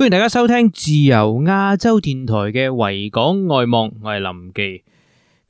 歡迎大家收聽自由亞洲電台嘅《維港外望》，我係林記。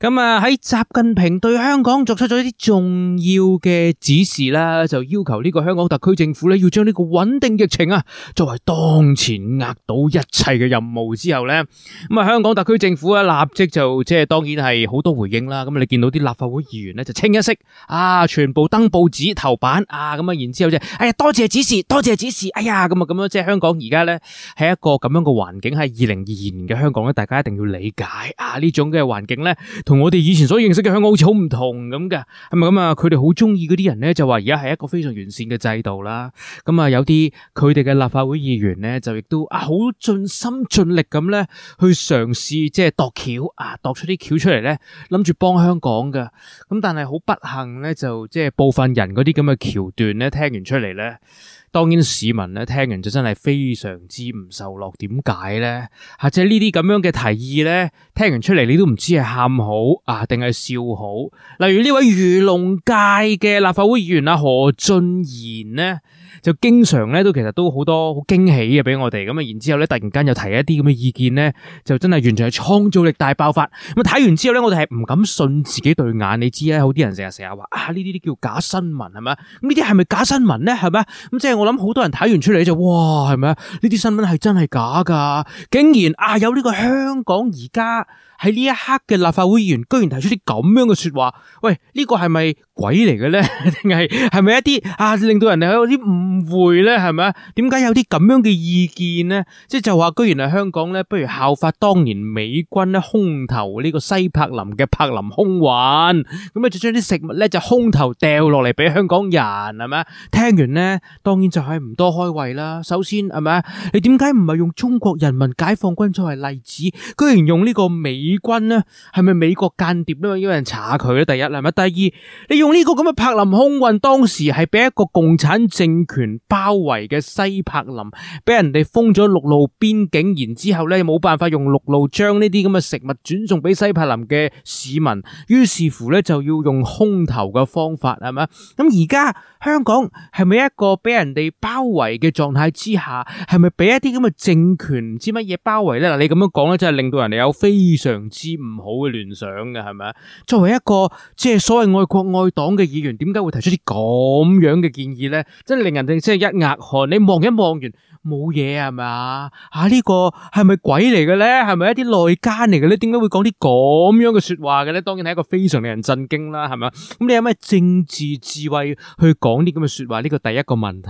咁啊，喺習近平對香港作出咗一啲重要嘅指示啦，就要求呢個香港特區政府咧，要將呢個穩定疫情啊，作為當前壓倒一切嘅任務之後咧，咁啊，香港特區政府咧立即就即係當然係好多回應啦。咁你見到啲立法會議員咧就清一色啊，全部登報紙頭版啊，咁啊，然之後就，哎呀，多謝指示，多謝指示，哎呀，咁啊，咁樣即係香港而家咧喺一個咁樣嘅環境，喺二零二二年嘅香港咧，大家一定要理解啊呢種嘅環境咧。同我哋以前所認識嘅香港好似好唔同咁嘅，係咪咁啊？佢哋好中意嗰啲人咧，就話而家係一個非常完善嘅制度啦。咁、嗯、啊，有啲佢哋嘅立法會議員咧，就亦都啊好盡心盡力咁咧，去嘗試，即係度橋啊，度出啲橋出嚟咧，諗住幫香港㗎。咁但係好不幸咧，就即係部分人嗰啲咁嘅橋段咧，聽完出嚟咧。當然市民呢，聽完就真係非常之唔受落。點解呢？或者呢啲咁樣嘅提議呢？聽完出嚟你都唔知係喊好啊，定係笑好。例如呢位漁農界嘅立法會議員啊，何俊賢呢？就經常咧都其實都好多好驚喜嘅俾我哋，咁啊然之後咧突然間又提一啲咁嘅意見咧，就真係完全係創造力大爆發。咁睇完之後咧，我哋係唔敢信自己對眼。你知咧，好啲人成日成日話啊呢啲啲叫假新聞係咪啊？咁呢啲係咪假新聞咧係咪啊？咁即係我諗好多人睇完出嚟就哇係咪啊？呢啲新聞係真係假㗎？竟然啊有呢個香港而家喺呢一刻嘅立法會議員，居然提出啲咁樣嘅說話。喂，呢個係咪？鬼嚟嘅咧，定係係咪一啲啊？令到人哋有啲誤會咧，係咪啊？點解有啲咁樣嘅意見咧？即係就話、是，居然係香港咧，不如效法當年美軍咧空投呢個西柏林嘅柏林空運，咁啊就將啲食物咧就空投掉落嚟俾香港人，係咪啊？聽完咧，當然就係唔多開胃啦。首先係咪啊？你點解唔係用中國人民解放軍作為例子？居然用呢個美軍咧，係咪美國間諜咧？都有人查佢咧，第一係咪？第二你用。呢個咁嘅柏林空運當時係俾一個共產政權包圍嘅西柏林，俾人哋封咗陸路邊境，然之後呢冇辦法用陸路將呢啲咁嘅食物轉送俾西柏林嘅市民，於是乎呢，就要用空投嘅方法係咪啊？咁而家香港係咪一個俾人哋包圍嘅狀態之下，係咪俾一啲咁嘅政權唔知乜嘢包圍呢？嗱，你咁樣講呢，真係令到人哋有非常之唔好嘅聯想嘅，係咪？作為一個即係所謂愛國愛。黨嘅議員點解會提出啲咁樣嘅建議咧？真係令人即係一額汗。你望一望完。冇嘢係咪啊？吓、這個、呢個係咪鬼嚟嘅咧？係咪一啲內奸嚟嘅咧？點解會講啲咁樣嘅說話嘅咧？當然係一個非常令人震驚啦，係咪啊？咁你有咩政治智慧去講啲咁嘅說話？呢、這個第一個問題。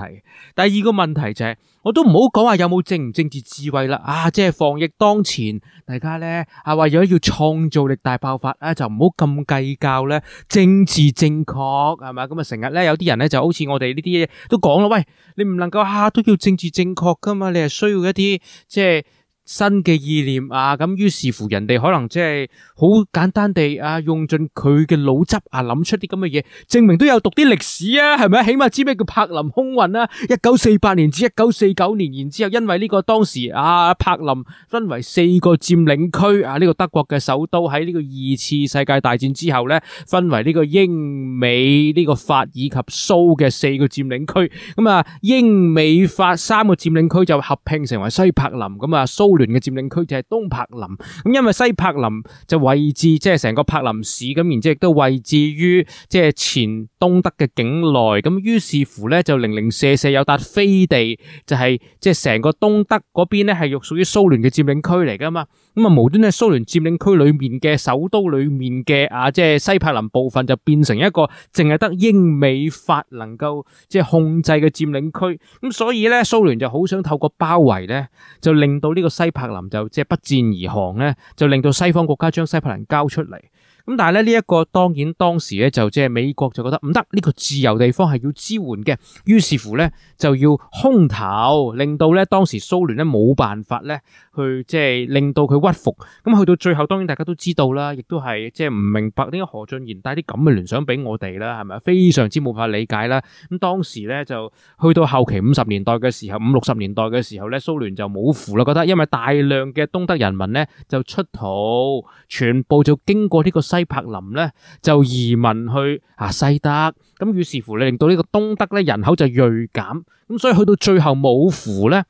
第二個問題就係、是、我都唔好講話有冇政唔政治智慧啦。啊，即係防疫當前，大家咧啊話如果要創造力大爆發咧，就唔好咁計較咧政治正確係咪？咁啊成日咧有啲人咧就好似我哋呢啲嘢都講咯，喂，你唔能夠下下都叫政治正確。學㗎嘛，你係需要一啲即係，新嘅意念啊，咁於是乎人哋可能即係好簡單地啊，用盡佢嘅腦汁啊，諗出啲咁嘅嘢，證明都有讀啲歷史啊，係咪啊？起碼知咩叫柏林空運啊？一九四八年至一九四九年，然之後因為呢個當時啊柏林分為四個佔領區啊，呢個德國嘅首都喺呢個二次世界大戰之後咧，分為呢個英美呢個法以及蘇嘅四個佔領區，咁啊英美法三個佔領區就合併成為西柏林，咁啊蘇。嘅佔領區就係東柏林咁，因為西柏林就位置即係成個柏林市咁，然之亦都位置於即係前東德嘅境內咁，於是乎咧就零零舍舍有笪飛地，就係即係成個東德嗰邊咧係屬屬於蘇聯嘅佔領區嚟噶嘛。咁啊，無端咧蘇聯佔領區裡面嘅首都裡面嘅啊，即係西柏林部分就變成一個淨係得英美法能夠即係控制嘅佔領區咁，所以咧蘇聯就好想透過包圍咧，就令到呢個。西柏林就即係、就是、不戰而降咧，就令到西方國家將西柏林交出嚟。咁但係咧呢一個，當然當時咧，就即係美國就覺得唔得，呢個自由地方係要支援嘅，於是乎咧就要空投，令到咧當時蘇聯咧冇辦法咧去即係令到佢屈服。咁去到最後，當然大家都知道啦，亦都係即係唔明白點解何俊賢帶啲咁嘅聯想俾我哋啦，係咪非常之冇法理解啦。咁當時咧就去到後期五十年代嘅時候，五六十年代嘅時候咧，蘇聯就冇符啦，覺得因為大量嘅東德人民咧就出逃，全部就經過呢個。西柏林咧就移民去啊西德，咁於是乎咧令到呢個東德咧人口就銳減，咁所以去到最後冇符咧，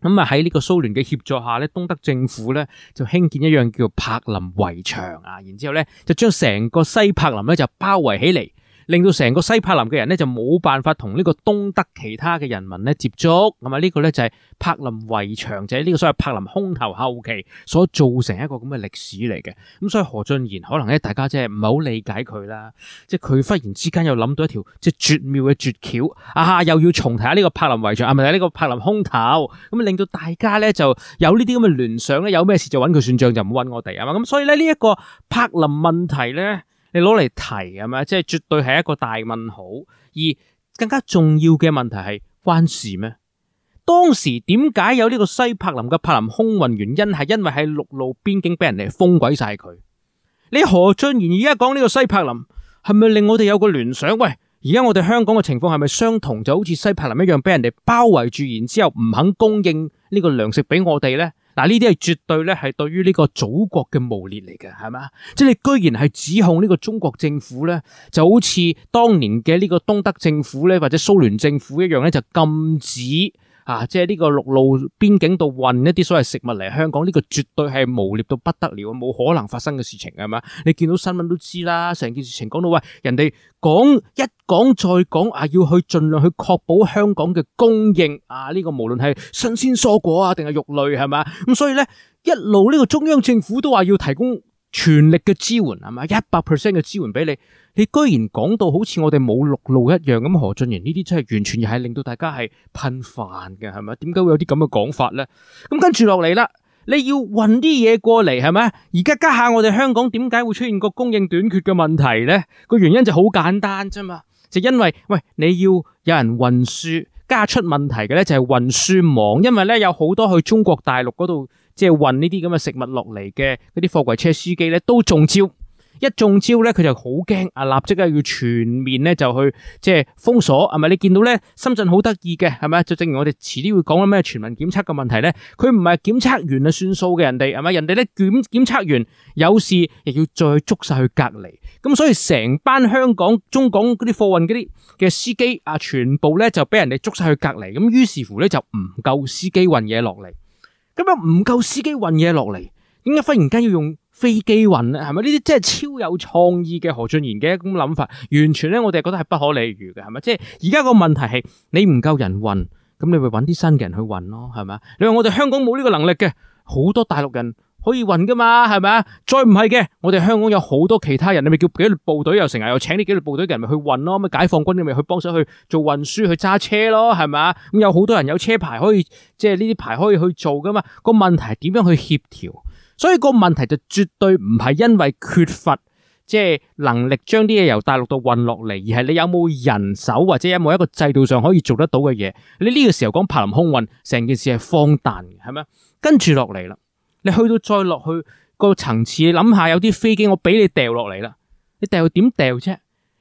咁啊喺呢個蘇聯嘅協助下咧，東德政府咧就興建一樣叫柏林圍牆啊，然之後咧就將成個西柏林咧就包圍起嚟。令到成個西柏林嘅人呢，就冇辦法同呢個東德其他嘅人民呢接觸，咁啊呢個呢，就係柏林圍牆，就係呢個所謂柏林空投後期所造成一個咁嘅歷史嚟嘅。咁所以何俊賢可能咧大家真係唔係好理解佢啦，即係佢忽然之間又諗到一條即係絕妙嘅絕橋啊，又要重提下呢個柏林圍牆啊，咪提呢個柏林空投，咁令到大家呢，就有呢啲咁嘅聯想咧，有咩事就揾佢算賬，就唔揾我哋啊嘛。咁所以咧呢一個柏林問題呢。你攞嚟提係咪？即係絕對係一個大問號。而更加重要嘅問題係關事咩？當時點解有呢個西柏林嘅柏林空運？原因係因為喺陸路邊境俾人哋封鬼晒佢。你何俊賢而家講呢個西柏林，係咪令我哋有個聯想？喂，而家我哋香港嘅情況係咪相同？就好似西柏林一樣，俾人哋包圍住，然之後唔肯供應呢個糧食俾我哋呢？嗱，呢啲係絕對呢，係對於呢個祖國嘅污蔑嚟嘅，係嘛？即係你居然係指控呢個中國政府呢，就好似當年嘅呢個東德政府呢，或者蘇聯政府一樣呢，就禁止。啊！即係呢個陸路邊境度運一啲所謂食物嚟香港，呢個絕對係無獵到不得了，冇可能發生嘅事情，係咪？你見到新聞都知啦，成件事情講到喂，人哋講一講再講啊，要去盡量去確保香港嘅供應啊，呢個無論係新鮮蔬果啊，定係肉類，係咪啊？咁所以咧，一路呢個中央政府都話要提供。全力嘅支援係嘛？一百 percent 嘅支援俾你，你居然講到好似我哋冇陸路一樣咁，何俊賢呢啲真係完全又係令到大家係噴飯嘅係咪？點解會有啲咁嘅講法呢？咁跟住落嚟啦，你要運啲嘢過嚟係咪？而家家下我哋香港點解會出現個供應短缺嘅問題呢？個原因就好簡單啫嘛，就因為喂你要有人運輸，加出問題嘅呢就係運輸網，因為呢有好多去中國大陸嗰度。即係運呢啲咁嘅食物落嚟嘅嗰啲貨櫃車司機咧，都中招。一中招咧，佢就好驚啊！立即咧要全面咧就去即係封鎖，係咪？你見到咧，深圳好得意嘅，係咪？就正如我哋遲啲會講緊咩全民檢測嘅問題咧，佢唔係檢測完就算數嘅人哋，係咪？人哋咧檢檢測完有事，亦要再捉晒去隔離。咁所以成班香港、中港嗰啲貨運嗰啲嘅司機啊，全部咧就俾人哋捉晒去隔離。咁於是乎咧，就唔夠司機運嘢落嚟。咁又唔夠司機運嘢落嚟，點解忽然間要用飛機運咧？係咪呢啲真係超有創意嘅何俊賢嘅一種諗法？完全呢，我哋覺得係不可理喻嘅，係咪？即係而家個問題係你唔夠人運，咁你咪搵啲新嘅人去運咯，係咪？你話我哋香港冇呢個能力嘅，好多大陸人。可以運噶嘛？係咪啊？再唔係嘅，我哋香港有好多其他人，你咪叫紀律部隊又成日又請呢紀律部隊嘅人咪去運咯。咁解放軍你咪去幫手去做運輸去揸車咯，係咪啊？咁有好多人有車牌可以，即係呢啲牌可以去做噶嘛？個問題係點樣去協調？所以個問題就絕對唔係因為缺乏即係、就是、能力將啲嘢，由大陸度運落嚟，而係你有冇人手或者有冇一個制度上可以做得到嘅嘢。你呢個時候講柏林空運，成件事係荒誕嘅，係咪啊？跟住落嚟啦。你去到再落去，嗰個層次，你諗下有啲飛機，我畀你掉落嚟啦，你掉點掉啫？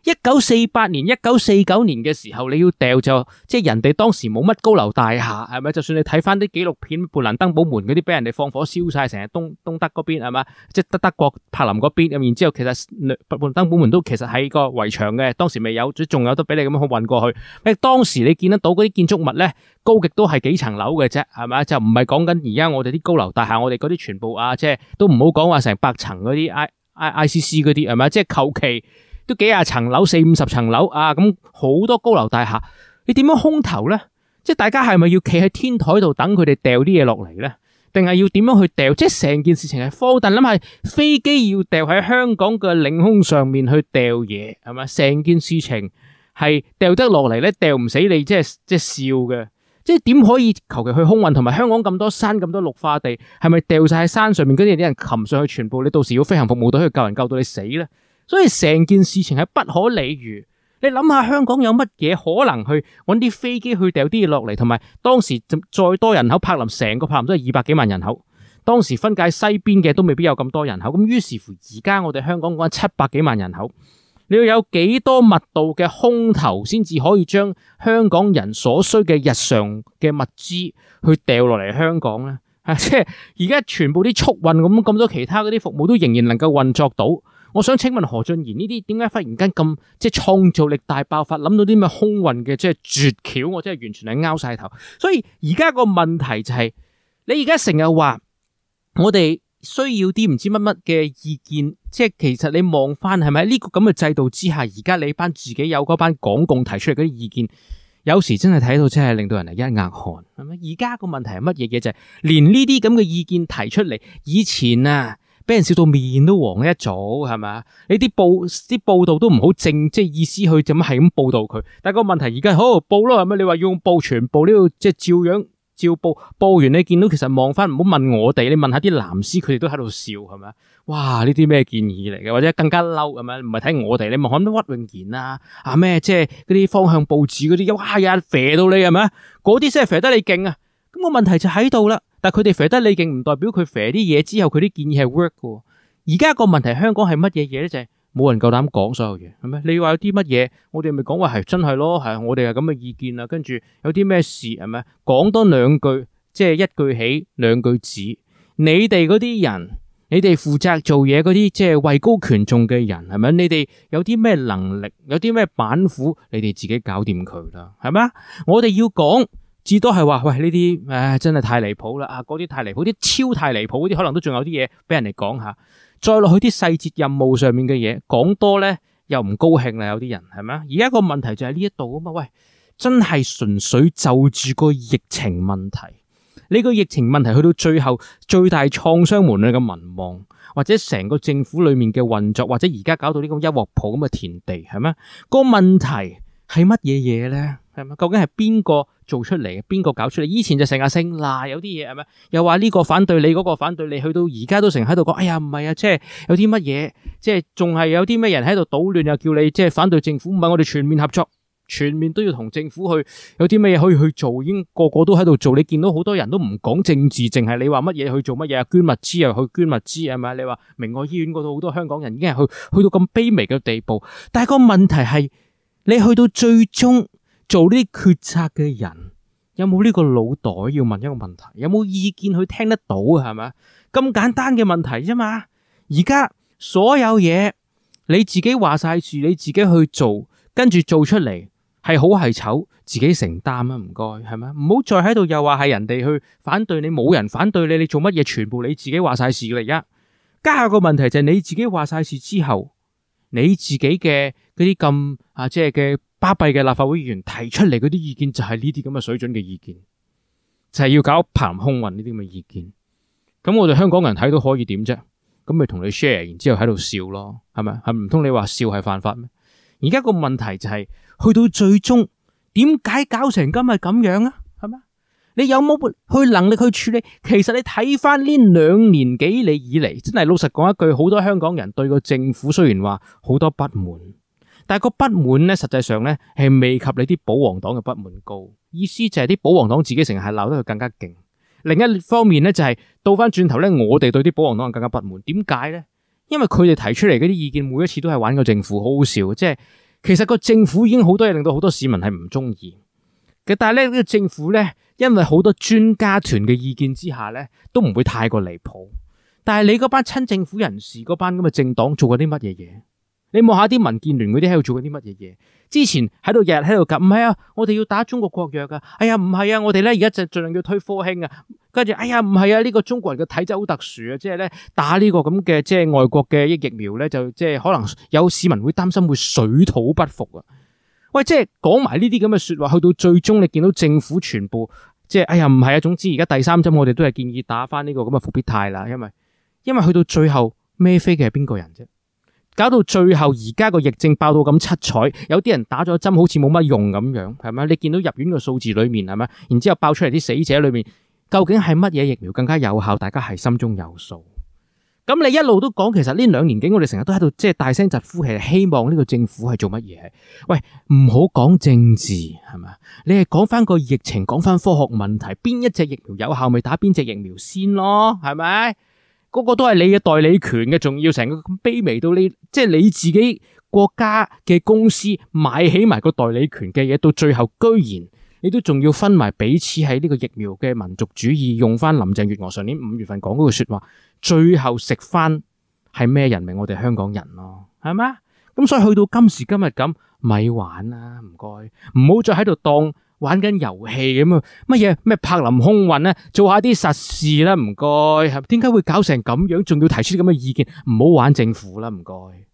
一九四八年、一九四九年嘅時候，你要掉就即係、就是、人哋當時冇乜高樓大廈，係咪？就算你睇翻啲紀錄片，勃蘭登堡門嗰啲俾人哋放火燒晒，成日東東德嗰邊係嘛？即係德德國柏林嗰邊，然之後其實勃勃蘭登堡門都其實喺個圍牆嘅，當時未有，仲有得俾你咁樣運過去。當時你見得到嗰啲建築物呢，高極都係幾層樓嘅啫，係咪？就唔係講緊而家我哋啲高樓大廈，我哋嗰啲全部啊，即、就、係、是、都唔好講話成百層嗰啲 I I ICC 嗰啲，係、就、咪、是？即係求其。都幾廿層樓，四五十層樓啊！咁好多高樓大廈，你點樣空投咧？即係大家係咪要企喺天台度等佢哋掉啲嘢落嚟咧？定係要點樣去掉？即係成件事情係科，但諗下飛機要掉喺香港嘅領空上面去掉嘢，係咪？成件事情係掉得落嚟咧，掉唔死你，即係即係笑嘅。即係點可以求其去空運？同埋香港咁多山，咁多綠化地，係咪掉晒喺山上面？跟住，啲人擒上去，全部你到時要飛行服務隊去救人，救到你死咧？所以成件事情係不可理喻。你諗下香港有乜嘢可能去揾啲飛機去掉啲嘢落嚟，同埋當時再多人口，柏林成個柏林都係二百幾萬人口，當時分界西邊嘅都未必有咁多人口。咁於是乎而家我哋香港講緊七百幾萬人口，你要有幾多密度嘅空投先至可以將香港人所需嘅日常嘅物資去掉落嚟香港呢？嚇！即係而家全部啲速運咁咁多其他嗰啲服務都仍然能夠運作到。我想請問何俊賢呢啲點解忽然間咁即係創造力大爆發，諗到啲咩空運嘅即係絕橋，我真係完全係拗晒頭。所以而家個問題就係、是、你而家成日話我哋需要啲唔知乜乜嘅意見，即係其實你望返係咪呢個咁嘅制度之下，而家你班自己有嗰班港共提出嚟嗰啲意見，有時真係睇到真係令到人係一額汗係咪？而家個問題係乜嘢嘢就係、是、連呢啲咁嘅意見提出嚟以前啊。俾人笑到面都黃一早，係咪啊？呢啲報啲報道都唔好正，即係意思去點係咁報道佢。但係個問題而家好報咯，係咪？你話要用報全部呢？即係照樣照報，報完你見到其實望翻唔好問我哋，你問下啲藍絲，佢哋都喺度笑，係咪啊？哇！呢啲咩建議嚟嘅？或者更加嬲，係咪？唔係睇我哋，你問下屈永賢啊啊咩？即係嗰啲方向報紙嗰啲，哇呀肥到你係咪啊？嗰啲先係肥得你勁啊！咁個問題就喺度啦。但佢哋肥得你勁唔代表佢肥啲嘢之後，佢啲建議係 work 嘅。而家個問題，香港係乜嘢嘢呢？就係、是、冇人夠膽講所有嘢，係咪？你要話有啲乜嘢，我哋咪講話係真係咯，係我哋係咁嘅意見啦。跟住有啲咩事係咪？講多兩句，即係一句起兩句止。你哋嗰啲人，你哋負責做嘢嗰啲，即係位高權重嘅人，係咪？你哋有啲咩能力，有啲咩板斧，你哋自己搞掂佢啦，係咪啊？我哋要講。至多係話，喂，呢啲，唉真係太離譜啦！啊，嗰啲太離譜，啲超太離譜啲，可能都仲有啲嘢俾人哋講下。再落去啲細節任務上面嘅嘢，講多咧又唔高興啦。有啲人係咪？而家個問題就喺呢一度啊嘛！喂，真係純粹就住個疫情問題，呢個疫情問題去到最後最大創傷門類嘅民望，或者成個政府裏面嘅運作，或者而家搞到呢咁一鑊泡咁嘅田地，係咪？個問題係乜嘢嘢咧？係咪？究竟係邊個？做出嚟，邊個搞出嚟？以前就成日聲鬧，有啲嘢係咪？又話呢個反對你，嗰個反對你，去到而家都成日喺度講。哎呀，唔係啊，即係有啲乜嘢，即係仲係有啲咩人喺度搗亂，又叫你即係反對政府，唔係我哋全面合作，全面都要同政府去有啲咩嘢可以去做，已經個個都喺度做。你見到好多人都唔講政治，淨係你話乜嘢去做乜嘢？捐物資又去捐物資，係咪？你話明愛醫院嗰度好多香港人已經係去去到咁卑微嘅地步，但係個問題係你去到最終。做呢啲決策嘅人有冇呢個腦袋，要問一個問題？有冇意見去聽得到啊？係咪？咁簡單嘅問題啫嘛。而家所有嘢你自己話晒事，你自己去做，跟住做出嚟係好係醜，自己承擔啦。唔該係咪？唔好再喺度又話係人哋去反對你，冇人反對你，你做乜嘢全部你自己話晒事嚟。而家，家下個問題就係、是、你自己話晒事之後，你自己嘅嗰啲咁啊，即係嘅。巴閉嘅立法會議員提出嚟嗰啲意見就係呢啲咁嘅水準嘅意見，就係、是、要搞憑空運呢啲咁嘅意見。咁我哋香港人睇到可以點啫？咁咪同你 share，然之後喺度笑咯，係咪？係唔通你話笑係犯法咩？而家個問題就係、是、去到最終，點解搞成今日咁樣啊？係咪？你有冇去能力去處理？其實你睇翻呢兩年幾你以嚟，真係老實講一句，好多香港人對個政府雖然話好多不滿，但係個不滿呢，實際上呢，係未及你啲保皇黨嘅不滿高，意思就係啲保皇黨自己成日係鬧得佢更加勁。另一方面呢，就係倒翻轉頭呢，我哋對啲保皇黨更加不滿。點解呢？因為佢哋提出嚟嗰啲意見，每一次都係玩個政府，好好笑。即係其實個政府已經好多嘢令到好多市民係唔中意嘅。但係呢個政府呢，因為好多專家團嘅意見之下呢，都唔會太過離譜。但係你嗰班親政府人士嗰班咁嘅政黨做過啲乜嘢嘢？你望下啲民建聯嗰啲喺度做緊啲乜嘢嘢？之前喺度日日喺度講，唔係啊，我哋要打中國國藥噶。哎呀，唔係啊，我哋咧而家就盡量要推科興啊。跟住，哎呀，唔係啊，呢個中國人嘅體質好特殊啊，即係咧打呢個咁嘅即係外國嘅疫苗咧，就即係可能有市民會擔心會水土不服啊。喂，即係講埋呢啲咁嘅說話，去到最終你見到政府全部即係，哎呀，唔係啊。總之而家第三針我哋都係建議打翻呢個咁嘅復必泰啦，因為因為去到最後孭飛嘅係邊個人啫。搞到最後而家個疫症爆到咁七彩，有啲人打咗針好似冇乜用咁樣，係咪？你見到入院個數字裏面，係咪？然之後爆出嚟啲死者裏面，究竟係乜嘢疫苗更加有效？大家係心中有數。咁你一路都講，其實呢兩年幾，我哋成日都喺度即係大聲疾呼，係希望呢個政府係做乜嘢？喂，唔好講政治，係咪？你係講翻個疫情，講翻科學問題，邊一隻疫苗有效，咪打邊隻疫苗先咯，係咪？個個都係你嘅代理權嘅，仲要成個咁卑微到你，即係你自己國家嘅公司買起埋個代理權嘅嘢，到最後居然你都仲要分埋彼此喺呢個疫苗嘅民族主義，用翻林鄭月娥上年五月份講嗰個說話，最後食翻係咩人？咪我哋香港人咯，係咪？」咁所以去到今時今日咁咪玩啦，唔該，唔好再喺度當。玩緊遊戲咁啊，乜嘢咩？柏林空運啊，做下啲實事啦，唔該。點解會搞成咁樣？仲要提出啲咁嘅意見，唔好玩政府啦，唔該。